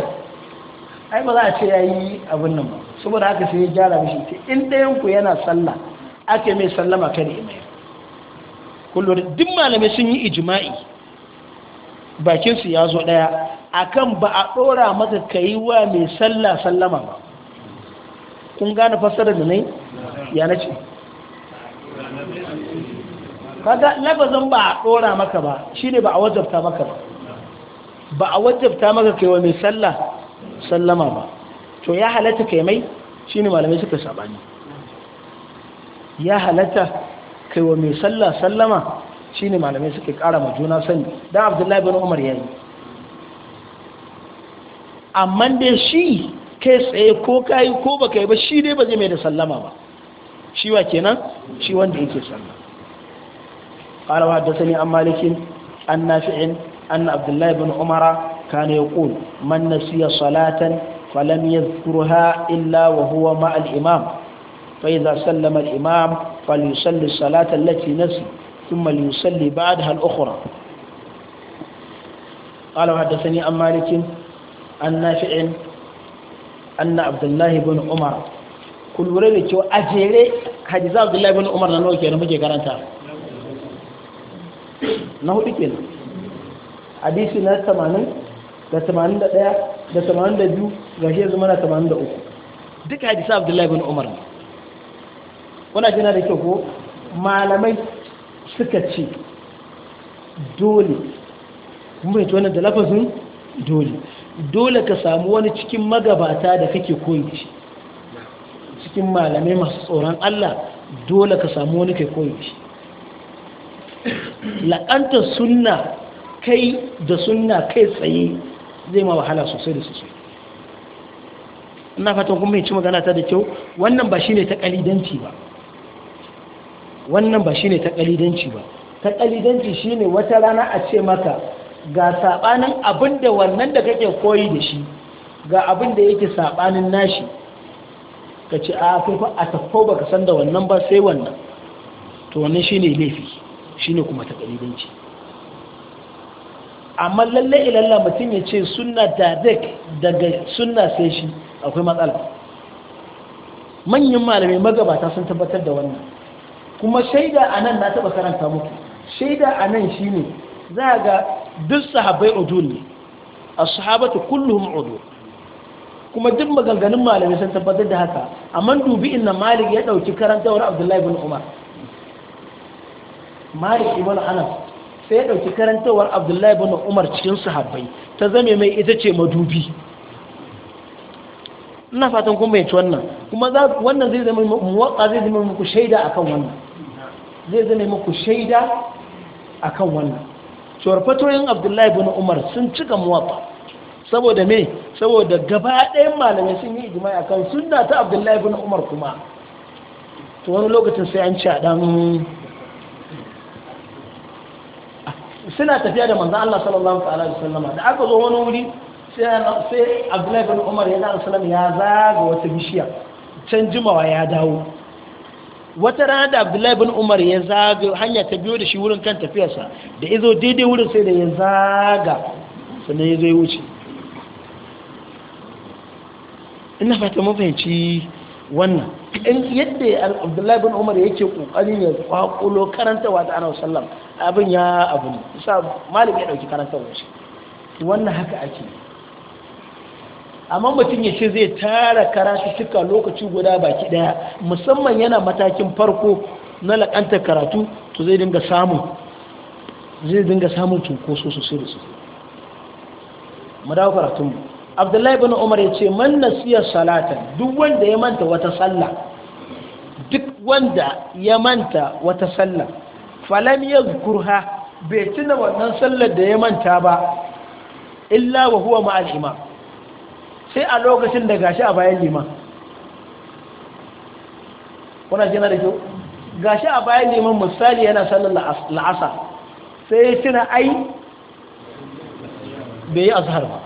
ai ba za a ce ya yi abin nan ba saboda haka sai ya gyara mishi ce in ɗayan ku yana sallah ake mai sallama kan ya mayar kullum duk malamai sun yi ijima'i bakinsu ya zo ɗaya akan ba a ɗora maka kayi wa mai sallah sallama ba kun gane fassara da nai ya na ce kaga labazan ba a ɗora maka ba shine ba a wajabta maka ba ba a wajabta maka kai wa mai sallah sallama ba to ya halatta kai mai shine malamai suka sabani ya halatta kai wa mai sallah sallama shine malamai suka ƙara ma juna sani dan Abdullahi bin Umar yayi amma dai shi kai tsaye ko kayi ko baka yi ba shi dai ba zai mai da sallama ba shi wa kenan shi wanda yake sallama. قال وحدثني عن مالك عن نافع أن عبد الله بن عمر كان يقول من نسي صلاة فلم يذكرها إلا وهو مع الإمام فإذا سلم الإمام فليصلي الصلاة التي نسي ثم ليصلي بعدها الأخرى قال وحدثني عن مالك عن نافع أن عبد الله بن عمر كل ورد أجري حديث عبد الله بن عمر نوكي نمجي كرانتا na hudu nan hadisi na 80 da 81 da 82 gashi yanzu mana 83 duka hadisi abdullahi bin umar ne kuna jina da kyau ko malamai suka ce dole kuma mai tuwanar da lafazin dole dole ka samu wani cikin magabata da kake koyi da shi cikin malamai masu tsoron Allah dole ka samu wani kai koyi da shi laƙanta suna kai da suna kai tsaye zai ma wahala sosai da sosai ina fatan kuma ci magana ta da kyau wannan ba shine ta kalidanci ba wannan ba shine ta kalidanci ba ta shi shine wata rana a ce maka ga saɓanin abin da wannan da kake koyi da shi ga abin da yake saɓanin nashi ka ce a kai fa a tafko baka san da wannan ba sai wannan to wannan shi ne laifi shine kuma ta takalidanci amma lalle ilalla mutum ya ce suna Dadek daga suna sai shi akwai matsala manyan malamai magabata sun tabbatar da wannan kuma shaida a nan na taɓa karanta muku shaida a nan shi ne za ga duk sahabai udul ne a sahabatu kullum udul kuma duk maganganun malamai sun tabbatar da haka amma dubi inna malik ya ɗauki karantawar abdullahi bin umar malik ibn anas sai ya dauki karantawar abdullahi ibn umar cikin sahabbai ta zame mai ita ce madubi ina fatan kun bayyana wannan kuma wannan zai zama muwaqqa zai zama muku shaida akan wannan zai zama muku shaida akan wannan cewar fatoyin abdullahi ibn umar sun cika muwaqqa saboda me saboda gaba ɗayan malamai sun yi ijma akan sunna ta abdullahi ibn umar kuma to wani lokacin sai an ci a dan suna tafiya da manzan Allah sallallahu alaihi wasallama da aka zo wani wuri sai Abdullahi bin Umar ya zara salam ya zaga wata bishiya can jimawa ya dawo wata rana da Abdullahi bin Umar ya zaga hanya ta biyo da shi wurin kan tafiyarsa da izo daidai wurin sai da ya zaga sannan ya zai wuce ina fata mafahimci wannan yadda abdullahi bin umar yake kokarin ya kwakulo karanta wa ana sallam abin ya abu ne isa malami ya ɗauki karanta shi wannan haka ake amma mutum ya ce zai tara karatu suka lokaci guda baki daya musamman yana matakin farko na lakantar karatu to zai dinga samun zai dinga samun cunkoso sosai da su. mu dawo karatun mu abdullahi bin umar ya ce man nasiya salata duk wanda ya manta wata sallah duk wanda ya manta wata sallah falam ya zukurha bai tuna wannan sallar da ya manta ba illa wa huwa ma'al imam sai a lokacin da gashi a bayan liman kuna jina da kyau gashi a bayan liman misali yana sallar la'asa sai ya tuna ai bai yi azhar ba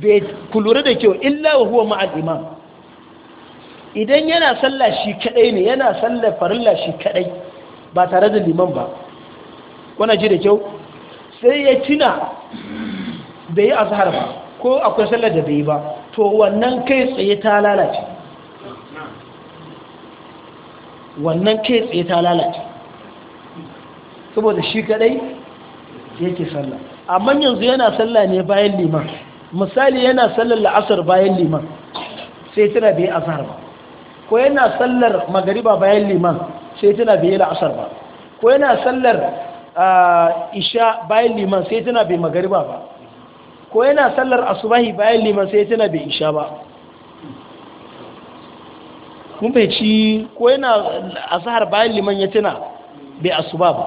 bai kulura da kyau illa wa huwa ma'al imam idan yana sallah shi kadai ne yana sallar farilla shi kadai ba tare da liman ba kuna ji da kyau sai ya tuna da yi azhar ba ko akwai sallar da bai yi ba to wannan kai tsaye ta lalace wannan kai tsaye ta lalace saboda shi kadai yake sallah amma yanzu yana sallah ne bayan liman misali yana sallar la'asar bayan liman sai tana bai azhar ba ko yana sallar magariba bayan liman sai tana bai la'asar ba ko yana sallar isha bayan liman sai tana bai magariba ba ko yana sallar asubahi bayan liman sai tana bai isha ba mun fahimci ko yana asahar bayan liman ya tana bai asuba ba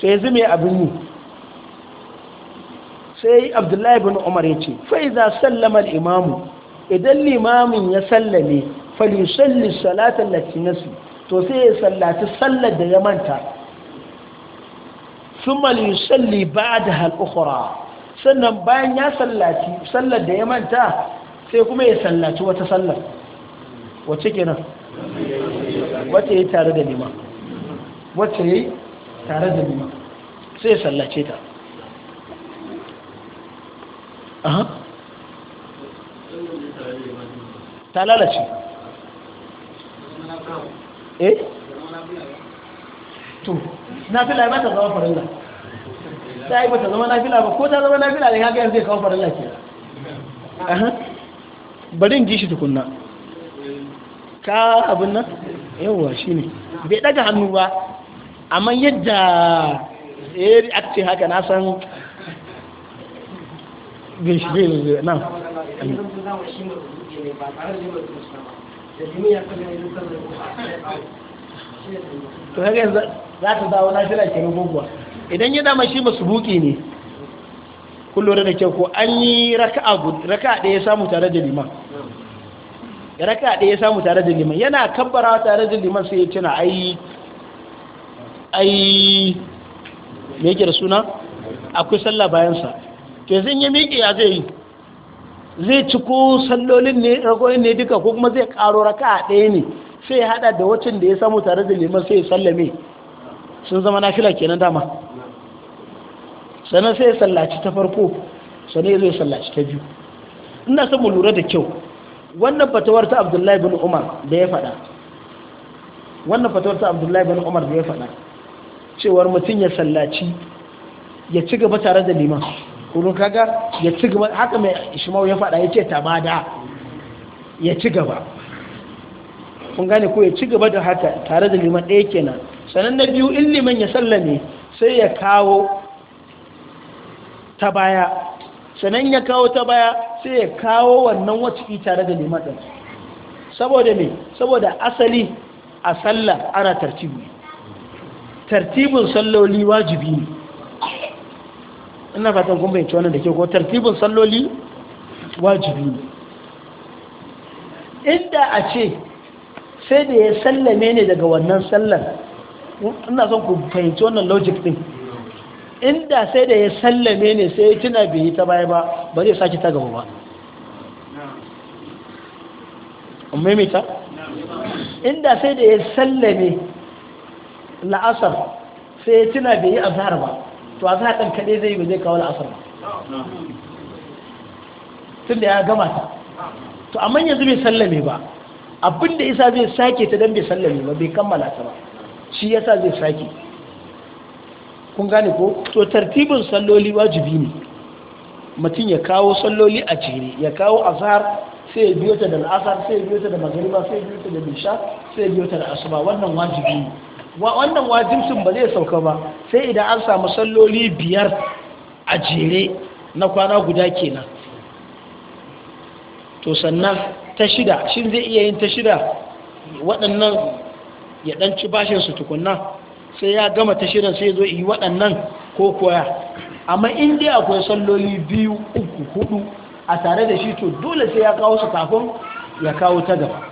to yanzu mai abin yi sai abdullahi bin umar ya ce fa'iza sallama al'imamu idan limamin ya sallame falisalli salatar latinasi to sai ya sallaci sallar da ya manta sun malisalli ba da halukura sannan bayan ya sallaci sallar da ya manta sai kuma ya sallaci wata sallar wacce kenan wacce ya tare da liman wacce ya tare da liman sai ya sallace ta ta lalace eh to nafila ba ta zama farilla sai ba ta zama na nafila ba ko ta zama nafila ne kaga yanzu zai kawo farilla ke bari in ji shi tukunna ka abin nan yawa shine bai daga hannu ba amma yadda eh ake haka na san bin shi bin nan to kaga za ta dawo na jira kenan gogwa idan ya dama shi masbuki ne kun lura da kyau ko an yi raka raka'a da ya samu tare da liman raka'a da ya samu tare da liman yana kabbara tare da liman sai ya cina ai ai me yake da suna akwai sallah bayansa ke to yi in ya zai yi zai ciko sallolin ne ragoyin ne duka ko kuma zai karo raka a ɗaya ne sai ya hada da wacin da ya samu tare da liman sai ya sallame sun zama na fila kenan dama sannan sai ya sallaci ta farko sannan ya zai sallaci ta biyu ina son mu lura da kyau wannan fatawar ta abdullahi bin umar da ya faɗa wannan fatawar ta abdullahi bin umar da ya faɗa cewar mutum ya sallaci ya ci gaba tare da liman kuma kaga ya ci gaba haka mai ishmawu ya faɗa ya ce tabada ya ci gaba kun gane ko ya ci gaba da haka tare da liman ɗaya kenan sanan na biyu in liman ya sallame sai ya kawo ta baya sanan ya kawo ta baya sai ya kawo wannan waciki tare da liman ɗin saboda me saboda asali a sallah ana tartibi tartibin salloli wajibi ne ina fatan kun bayyance wannan da ke ko tartibin salloli wajibi ne inda a ce sai da ya sallame ne daga wannan sallar ina son ku fahimci wannan logic din inda sai da ya sallame ne sai ya tuna bai yi ta baya ba ba zai sake ta gaba ba maimaita inda sai da ya sallame la'asar sai ya tuna bai yi azhar ba to a zaɗin kaɗai zai ba zai kawo la'asar ba tun da ya gama ta to amma yanzu bai sallame ba abin isa zai sake ta don bai sallame ba bai kammala ta ba shi yasa zai sake kun gane ko to tartibin salloli wajibi ne mutum ya kawo salloli a jere ya kawo azhar sai ya biyo ta da al'asar sai ya biyo ta da magariba sai ya biyo ta da bisha sai ya biyo ta da asuba wannan wajibi ne wannan wajibcin ba zai sauka ba sai idan an samu salloli biyar a jere na kwana guda kenan to sannan ta shida shin zai iya yin ta shida waɗannan ya ɗanci bashinsu tukunna sai ya gama ta shidan sai zo yi waɗannan ko koya amma in akwai salloli biyu uku hudu a tare da shi to dole sai ya kawo su kafin ya kawo ta gaba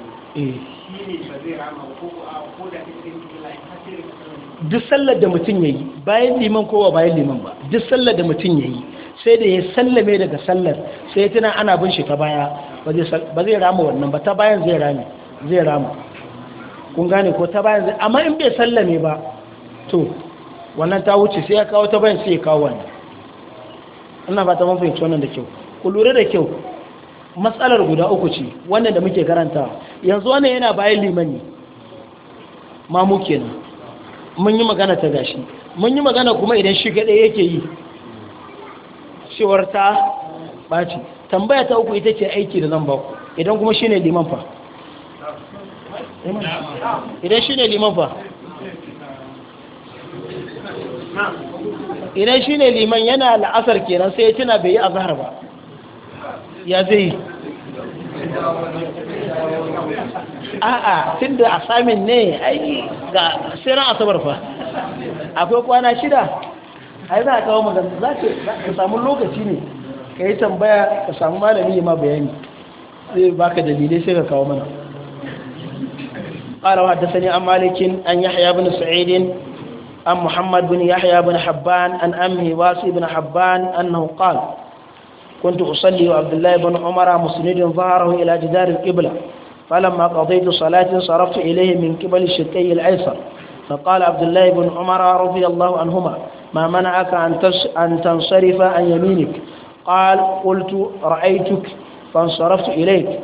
Eh. duk sallar da mutum ya yi bayan liman kowa bayan liman ba duk sallar da mutum ya yi sai da ya sallame daga sallar sai tuna ana bin shi ta baya ba zai rama wannan ba ta bayan zai rame zai rama kun gane ko ta bayan zai amma in bai sallame ba to wannan ta wuce sai ya kawo ta bayan sai ya kawo wannan ina fata mun fahimci wannan da kyau ku lura da kyau matsalar guda uku ce wannan da muke karanta yanzu wannan yana bayan limani mamu kenan mun yi magana ta gashi mun yi magana kuma idan shi gaɗe yake yi cewar ta ɓaci tambaya ta uku ita ce aiki da zan baku idan kuma shi ne liman fa idan shi ne liman yana la'asar kenan sai ya tuna bai yi a zahar ba ya zai a'a tun da asamin ne aiki ga siran asabar fa akwai kwana shida a yi za a kawo maganin za ka samu lokaci ne ka yi tambaya ka samu malami ma bayani zai ka dalilai sai ka kawo mana ƙarawa da sani an malikin an yi hayabin sa'idin an muhammad bin yahya bin habban an amini wasu ibn habban an nahukal كنت أصلي وعبد الله بن عمر مسند ظهره إلى جدار القبلة فلما قضيت صلاة صرفت إليه من قبل الشتي الأيسر فقال عبد الله بن عمر رضي الله عنهما ما منعك أن, أن تنصرف عن يمينك قال قلت رأيتك فانصرفت إليك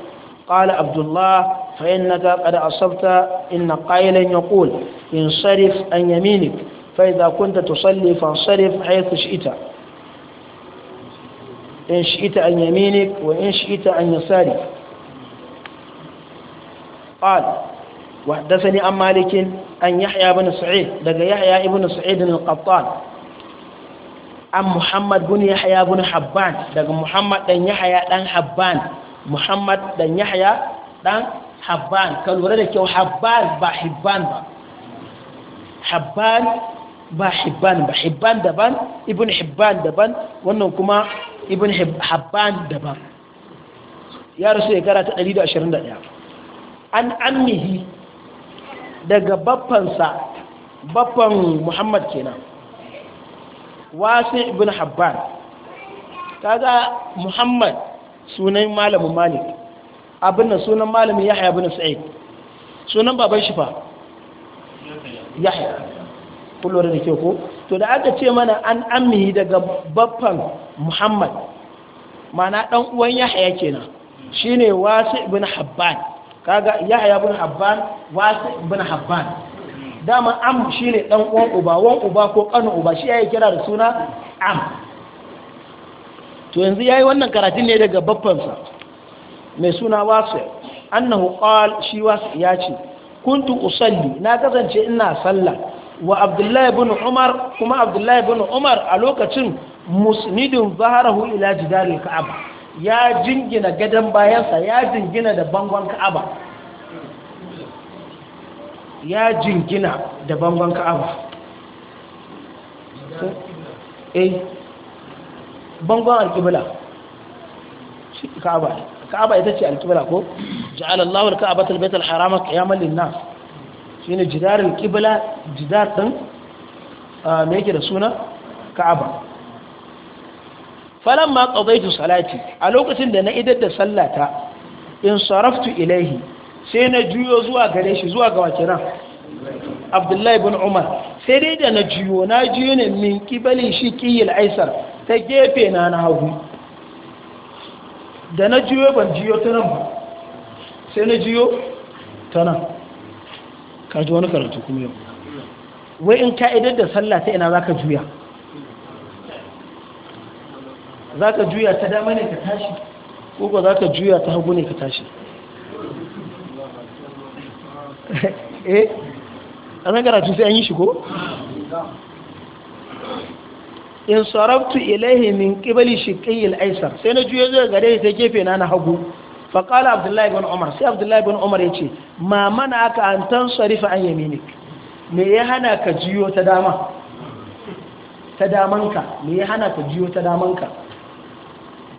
قال عبد الله فإنك قد أصبت إن قائلا يقول انصرف عن يمينك فإذا كنت تصلي فانصرف حيث شئت in shi'ita an yaminik wa in shi'ita an yasari قال وحدثني عن مالك عن يحيى بن سعيد لقى يحيى بن سعيد القطان عن محمد بن يحيى بن حبان لقى محمد بن يحيى بن حبان محمد بن يحيى بن حبان قالوا لك حبان با حبان با حبان ba hibban ba hibban daban ibn hibban daban wannan kuma ibn habban daban ya rasu ya gara ta 121 an annihi daga bafansa bafan muhammad kenan wasu ibn habban kaga muhammad sunan malamin malik abin nan sunan malamin yahya ibn sa'id sunan baban shi fa yahya kullum da ke ko to da aka ce mana an ammihi daga baffan muhammad mana dan uwan yahaya kenan shine wasu ibn habban kaga yahaya ibn habban wasu ibn habban dama am shine dan uwan uba wan uba ko kanu uba shi yayi kira da suna am to yanzu yayi wannan karatun ne daga baffansa mai suna wasu annahu qal shi wasu yace kuntu usalli na kasance ina sallah wa abdullahi bin umar kuma abdullahi bin umar a lokacin musnidin zaharahu ila jidarin ka'aba ya jingina gadon bayansa ya jingina da bangon ka'aba ya jingina da bangon ka'aba eh bangon alƙibla, ka'aba ka'aba ita ce alƙibla ko ja'alallahu alka'abatul baitul harama qiyaman lin-nas ne jidarin qibla jidar din me yake da suna ka'aba ma qadaytu salati a lokacin da na idar da sallata in saraftu ilaihi sai na juyo zuwa gare shi zuwa ga wakina abdullahi bin umar sai dai da na juyo na juyo ne min kibali shi kiyil aisar ta gefe na na hagu da na juyo ban juyo ta nan ba sai na juyo ta nan ka ji wani karatu kuma yau wai in ka'idar da sallah ta ina za ka juya za ka juya ta dama ne ka tashi ko za ka juya ta hagu ne ka tashi eh a zan karatu sai an yi shigo in sarabtu ilaihi min qibali shiqayil aisar sai na juya zuwa gare ta gefe na na hagu faƙala abdullahi bin umar sai abdullahi bin umar ya ce ma mana aka an tan sarifa an yamini me ya hana ka jiyo ta dama ta damanka me ya hana ka jiyo ta damanka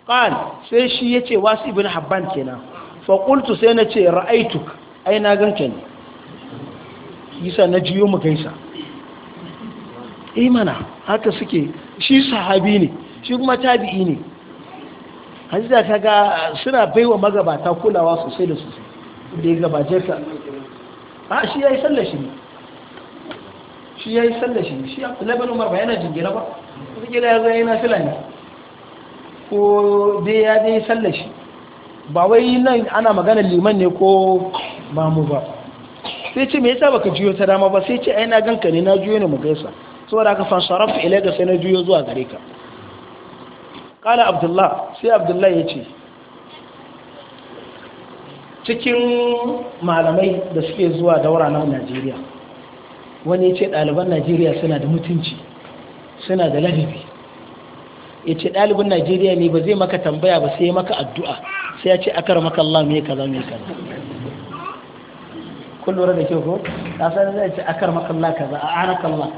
qal sai shi ya ce wasu ibin habban kenan fa sai na ce ra'aituk ai na ganka ne yisa na jiyo mu gaisa Imana haka suke shi sahabi ne shi kuma tabi'i ne hajjida ta ga suna baiwa magabata kulawa sosai da sosai da ya gabace ka a shi ya yi sallar shi shi ya yi sallar shi shi abdullahi umar ba yana jingina ba wata gida ya zai yana fila ne ko dai ya dai sallar shi ba wai nan ana magana liman ne ko mamu ba sai ce me yasa baka juyo ta dama ba sai ce ai na ganka ne na juyo ne mu gaisa saboda haka fan sarrafa ilaga sai na juyo zuwa gare ka ƙala abdullah sai abdullah ya ce cikin malamai da suke zuwa daura na najeriya wani ya ce ɗaliban najeriya suna da mutunci suna da ladabi ya ce ɗalibin najeriya ne ba zai maka tambaya ba sai maka addu'a sai ya ce kar maka Allah mai kaza mai kaza kun lura da kyau ko ta sanar zai ce kar maka Allah kaza a anakallah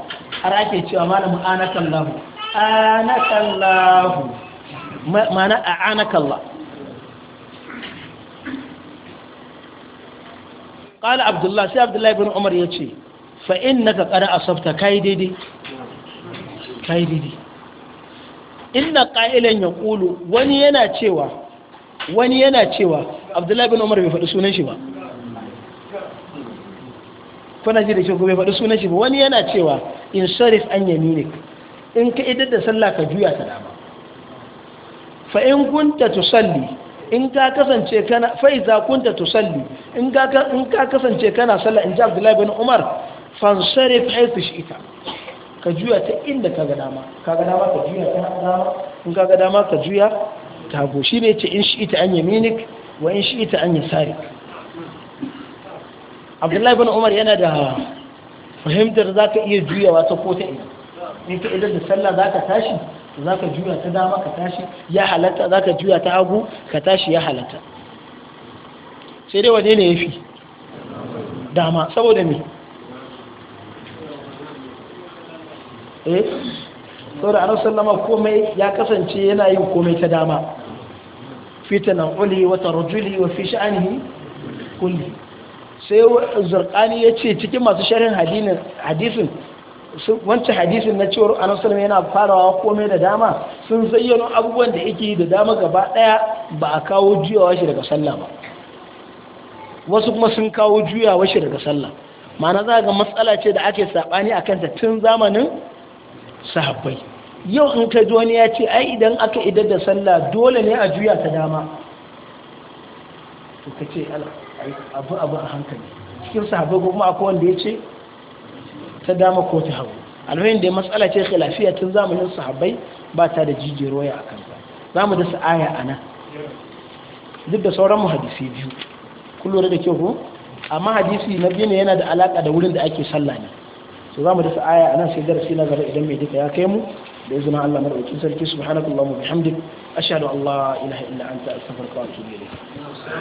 har ake cewa malamin anakallahu anakallahu ma'ana a'anaka kalla. ƙala Abdullahi, sai Abdullahi bin umar ya na fa a qad ka kai daidai kai daidai ƙa’ilan ya ƙulu wani yana cewa wani yana cewa Abdullahi bin umar bai faɗi sunan shi ba kuna ji da shi ko bai faɗi sunan shi ba wani yana cewa in sharif an yaminik in ka idar da sallah ka juya ta dama fa in kunta tusalli in ka kasance kana fa kunta tusalli in ka kasance kana sallah in ji Abdullahi bin Umar fansarif haythu ita? ka juya ta inda ka ga dama ka ga dama ka juya ta dama in ka ga dama ka juya ta go shi ne ce in shi ita an yaminik wa in shi ita an yasarik Abdullahi bin Umar yana da fahimtar za ka iya juyawa ta ko ta ina in ka idan da sallah ka tashi Za ka juya ta dama ka tashi ya halatta za ka juya ta hagu ka tashi ya halatta sai dai wane ne ya fi dama saboda me eh saboda annabi sallama komai ya kasance yana yin komai ta dama fitanan uli wata rajuli wa fi sha'anihi kulli sai zurqani yace cikin masu sharhin hadisin wancan hadisin na cewar mai yana farawa komai da dama sun zayyano abubuwan da yake yi da dama gaba daya ba a kawo juyawa shi daga sallah ba wasu kuma sun kawo juyawa shi daga sallah mana za ga matsala ce da ake sabani a kanta tun zamanin sahabbai yau in ka ji wani ya ce ai idan aka idar da sallah dole ne a juya ta dama to ka ce abu abu a hankali cikin sahabbai kuma akwai wanda ya ce ta dama ko ta hagu alwayin da matsala ce khilafiya tun zamanin sahabbai ba ta da jijiyar waya a kanta za mu dasa aya a nan duk da sauran muhadisi biyu kullum da kyau ko amma hadisi na biyu ne yana da alaka da wurin da ake sallah ne so za mu dasa aya a nan sai darasi na gaba idan mai duka ya kai mu da izina Allah madaukakin sarki subhanakallahumma bihamdik ashhadu an la ilaha illa anta astaghfiruka wa atubu ilayk